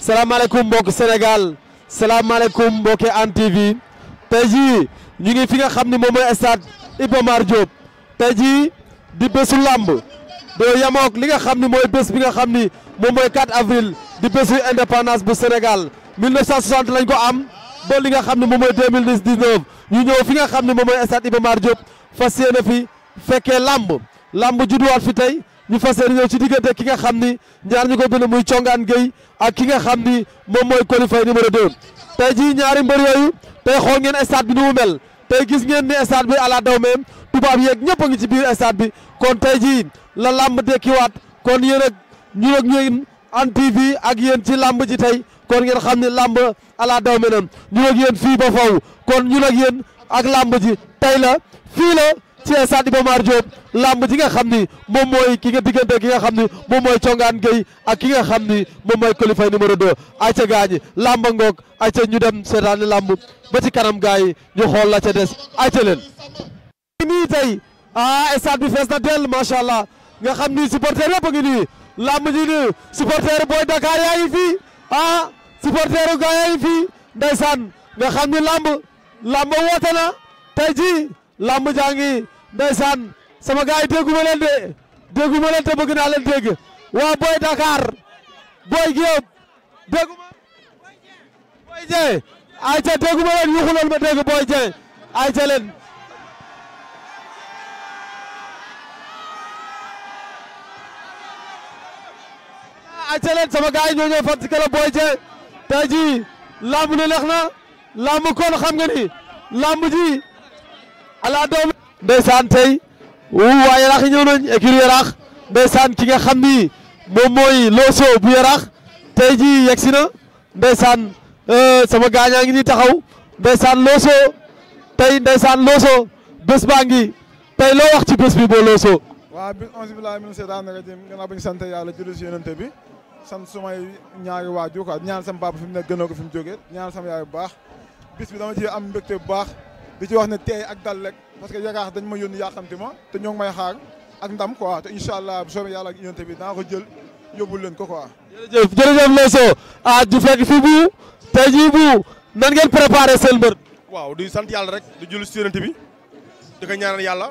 salaamaaleykum mbokki Sénégal salaamaaleykum mbokki Hann TV tey jii ñu ngi fi nga xam ne moom mooy stade Iba Mar Diop jii di bésu làmb doo yamook li nga xam ne mooy bés bi nga xam ni moom mooy 4 avril di bésu indépendance bu Sénégal 1960 lañ ko am ba li nga xam ne moom mooy 2019 ñu ñëw fi nga xam ne moom mooy stade Iba Mar Diop fas yéene fi fekkee làmb làmb judduwaat fi tey ñu fa seen ñëw ci diggante ki nga xam ni ñaar ñu ko bind muy Congaan Gueye ak ki nga xam ni moom mooy Coly Faye numéro 2. tey jii ñaari mbër yooyu tey xool ngeen stade bi ni mu mel tey gis ngeen ni stade bi ala daw meem tubaab yeeg ñëpp ngi ci biir stade bi kon tey jii la làmb dekkiwaat kon yéen ak ñu ak ñooy Hann TV ak yéen ci làmb ji tey kon ngeen xam ni làmb ala daw menam ñu ak yéen fii ba faw kon ñu ak yéen ak làmb ji tey la fii la. Ceesaan di bawah marjo lambu, ji nga xam ni moom mooy ki nga diggante ki nga xam ni moom mooy Congaan Gueye ak ki nga xam ni moom mooy qualifié numéro 2 ayca gaañi ñu dem ba ci kanam ñu la ca ah stade di fees na dell macha allah nga xam ni supporter yëpp a ngi nii làmb ji nii supporter Dakar ah supporteru gaa yaa ngi fii ndeysaan nga lambu ni làmb làmb lambu jangi. ndeysaan sama gars yi de dégguma leen bëgg naa leen dégg waa Boy Dakar Boy Guèyeub dégguma Boy Dieng ayca dégguma leen yuxu ma dégg Boy Dieng ayca leen leen sama gars yi ñoo ñëw Fatick la Boy Dieng tey lamb ni neex na lamb kon xam nga lamb ji ala doom ndeysaan tey waa yaraax yi ñëw nañ écurie yaraax ndeysaan ki nga xam ni moom mooy looso bu yaraax tey ji yegg si na ndeysaan euh, sama gaañaa ngi ni taxaw ndeysaan looso tey ndeysaan looso bés baa ngi tey loo wax ci bés bi boo looso waaw bi onze billahi min seytaan sant yàlla julli si yonente bi sant sumay ñaari waajur quoi ñaan sama papa fi mu nekk gënoo ko fi mu jógee ñaan sama yaay bu baax bis bi dama ci am mbégte bu baax di ci wax ne tey ak dal rek parce que yaakaar dañ ma yónni yaaxamti ma te ñoo may xaar ak ndam quoi te incha allah bu soobee yàlla ak yonte bi naa ko jël yóbbul leen ko quoi. jërëjëf jërëjëf Lesso ah di fekk fi bu tey jii bu nan waaw di sant yàlla rek di julli si yonente bi di ko ñaanal yàlla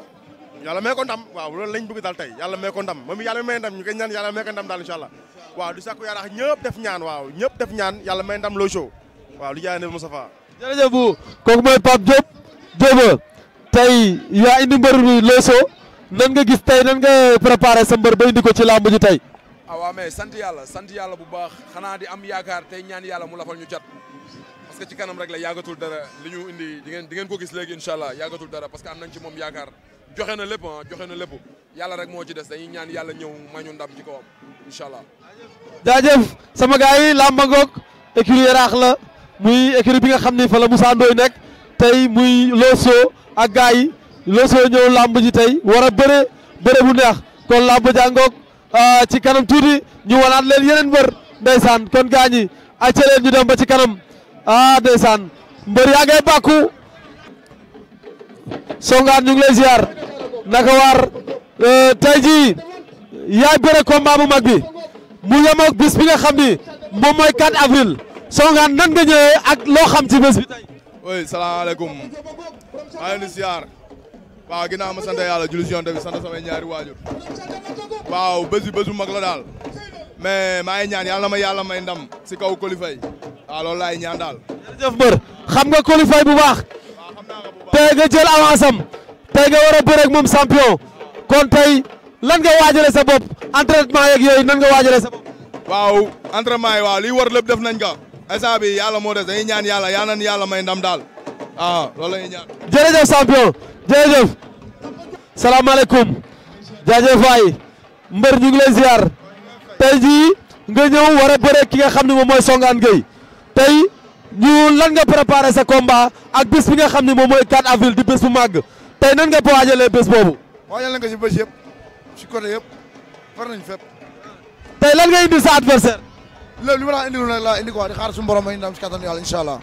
yàlla may ko ndam waaw loolu lañ bëgg daal tey yàlla may ko ndam moom yàlla may ndam ñu koy ñaan yàlla may ko ndam daal incha allah waaw di sàkku yàlla ñëpp def ñaan def ñaan yàlla may ndam loo waaw di Jóoba tey yaa indi mbër Lesso nan nga gis tey nan nga préparé sa mbër ba indi ko ci làmb ji tey. ah waaw mais sant yàlla sant yàlla bu baax xanaa di am yaakaar tey ñaan yàlla mu lafal ñu cat parce que ci kanam rek la yàggatul dara li ñu indi di ngeen di ngeen ko gis léegi incha allah yàggatul dara parce que am nañ ci moom yaakaar joxe na lépp ah, joxe na lépp yàlla rek moo ci des dañuy ñaan yàlla ñëw ma ñu ndam ci kawam incha allah. jaajëf sama gaa yi làmb ngoog la muy écurie bi nga xam ni fa la Moussa Ndoye tey muy Loso ak gars yi Loso ñëw làmb ji tey war a bëre bëre bu neex kon làmb jàngoog ah, ci kanam tuuti ñu wanaat leen yeneen mbër ndeysaan kon gars ñi acca leen ñu dem ba ci kanam ah ndeysaan mbër yaa ngay bàkku songaan ñu ngi lay ziar naka waar euh, tey jii yaay bëre combat bu mag bi mu yemoog bis bi nga xam ni moom mooy 4 avril songaan nan nga ñëwee ak loo xam ci bés bi tey oui salaamaaleykum maa ngi siyaar waaw ginnaaw ma sant yàlla julli si yonent bi sant samay ñaari waajur waaw bésu bésu mag la daal mais maa ngi ñaan yàlla na ma yàlla may ndam si kaw kolifay waaw la laay daal. jërëjëf mbër xam nga kolifay bu baax. tey nga jël avance am tey nga war a bëre ak moom champion kon tey lan nga waajale sa bopp entraînement yeeg yooyu nan nga waajale sa bopp. waaw entraînement yi waaw war lépp def nañ ko. instant bi yàlla moo des dañuy eh, ñaan yàlla yal nañu yàlla may ndam daal ah loolu la ñuy ñaan. jërëjëf champion jërëjëf. salaamaaleykum. jaajëf waay mbër ñu ngi lay ziar. tey jii nga ñëw war a bëre ki nga xam ne moom mooy Songane Gueye tey ñu lan nga préparé sa combat ak bés bi nga xam ne moom 4 avril di bés bu màgg tey nan nga bobo waajalee bés boobu. waajal nañ ko ci bés yëpp ci côté yëpp far nañ fépp. tey lan nga indi sa adversaire. léegi li ma la indi nag laa indi quoi di xaar suñu borom ma ñu si kattan yàlla incha allah.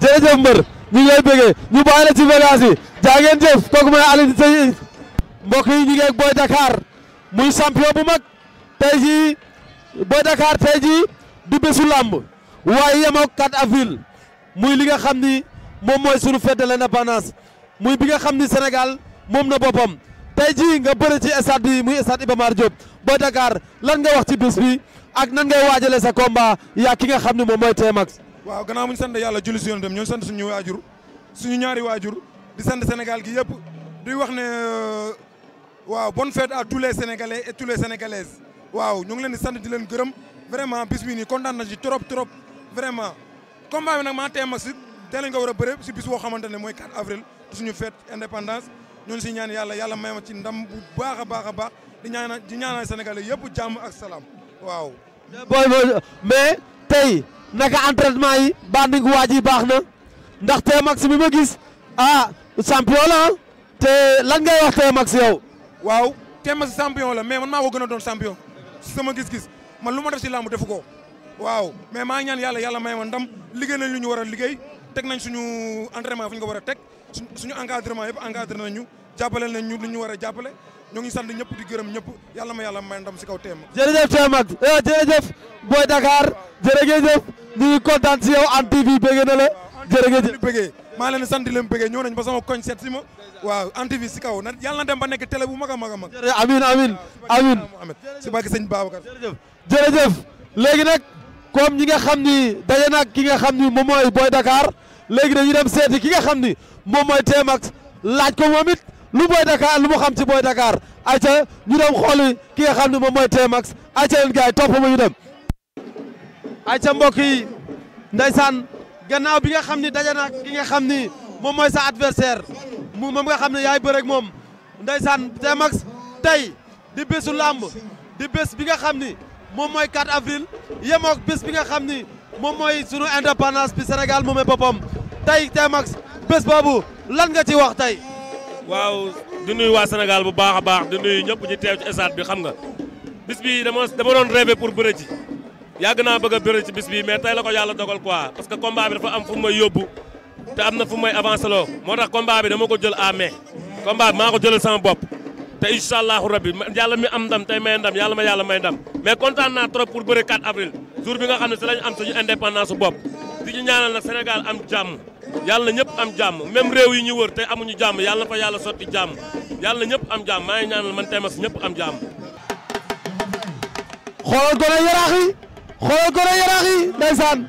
jërëjëf mbër ñu ngi lay bëggee ñu bàyyi la ci vacance yi jaa ngeen jëf kooku yi ñu ngi Boy Dakar muy champion bu mag tey jii Boy Dakar tey du bésu làmb waaye yem ak 4 muy li nga xam ni moom mooy suñu fête de l'indépendance muy bi nga xam ni Sénégal moom na boppam tey jii nga bëre ci stade bi muy stade Iba Mar Boy Dakar lan nga wax ci bés bi. ak nan ngay waajalee sa combat yaa ki nga xam ne moom mooy Tmax. waaw gannaaw muñ sant yàlla julli si yoon itam ñoo sant suñu waajur suñu ñaari waajur di sant Sénégal gi yëpp di wax ne euh, waaw bonne fête à tous les sénégalais et waaw ñoo ngi leen di sant di leen gërëm vraiment bis bi nii kontaan na ci trop trop vraiment combat bi nag maa Tmax si tey lañ ko war a bëre si bis boo xamante ne mooy 4 avril suñu fête indépendance ñoon si ñaan yàlla yàlla may ma ci ndam baax a baax a baax di ñaanal di yëpp jàmm ak salaam waaw. mais tey naka entraînement yi bandingu waa ji baax na ndax te Tmax mi ma gis ah champion la te lan ngay wax Tmax yow. waaw Tmax champion la mais man maa gën a doon champion sama gis-gis man lu ma def ci làmb def ko waaw mais maa ñaan yàlla yàlla may ma ndam liggéey nañ ñu war a liggéey teg nañ suñu entraînement fu ñu ko war a teg suñu encadrement yëpp encadré nañ ñu. jàppale nañ ñu lu ñu war a jàppale ñoo ngi sant ñëpp di gërëm ñëpp yàlla ma yàlla may ndam si kaw teem jërëjëf teem eh, ak jërëjëf Boy Dakar jërëjëf ñu ngi kontaan si yow Hann TV bëgg na la jërëjëf bëggee maa leen sant leen bëggee ñëw nañ ba sama koñ seet si ma waaw Hann TV si kaw na yàlla dem ba nekk télé bu mag mag a mag amin amin amin si barke léegi nag ñi nga xam ni daje nag ki nga xam ni moom mooy Boy dakaar léegi ñu dem seeti ki nga xam ni moom mooy laaj ko moom lu Boy Dakar lu mu xam ci Boy Dakar ayca ñu dem xooli ki nga xam ne moom mooy Tmax ayca leen gars yi topp ma ñu dem. ayca mbokk yi ndeysaan gannaaw bi nga xam ni daje na ki nga xam ni moom mooy sa adversaire mu moom nga xam ne yaay bëre ak moom ndeysaan Tmax tey di bésu làmb di bés bi nga xam ni moom mooy 4 avril yemook bés bi nga xam ni moom mooy sunu indépendance bi Sénégal moomee boppam tey Tmax bés boobu lan nga ci wax tey. waaw di nuyu waa Sénégal bu baax a baax di nuyu ñëpp ñu teew ci stade bi xam nga bis bi dama dama doon rêvé pour bëre ci yàgg naa bëgg a bëre ci bis bi mais tey la ko yàlla dogal quoi parce que combat bi dafa am fu may yóbbu te am na fu may avancé loo moo tax combat bi ko jël à main combat maa ko jëlal sama bopp te incha allahu rabbi yàlla mi am ndam tey may ndam yàlla ma yàlla may ndam mais kontaan naa trop pour bëre 4 avril jour bi nga xam ne si lañu am suñu indépendance su bopp di ñu ñaanal nag Sénégal am jàmm yàlla ñëpp am jàmm même réew yi ñu wër te amuñu jàmm yàlla na fa yàlla sotti jàmm yàlla ñëpp am jàmm maa ngi ñaanal man teemas ñëpp am jàmm. xoolal gone yaraax yi xoolal gone yaraax yi ndeysaan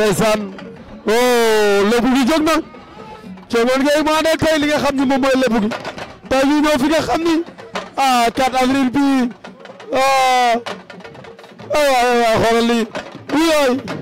ndeysaan oh lébu gi jóg na Thiongane Gaye maa ne tey li nga xam ni moom mooy lébu gi tey ñu ñëw fi nga xam ni ah 4 avril bi ah, ah waaw waaw xoolal lii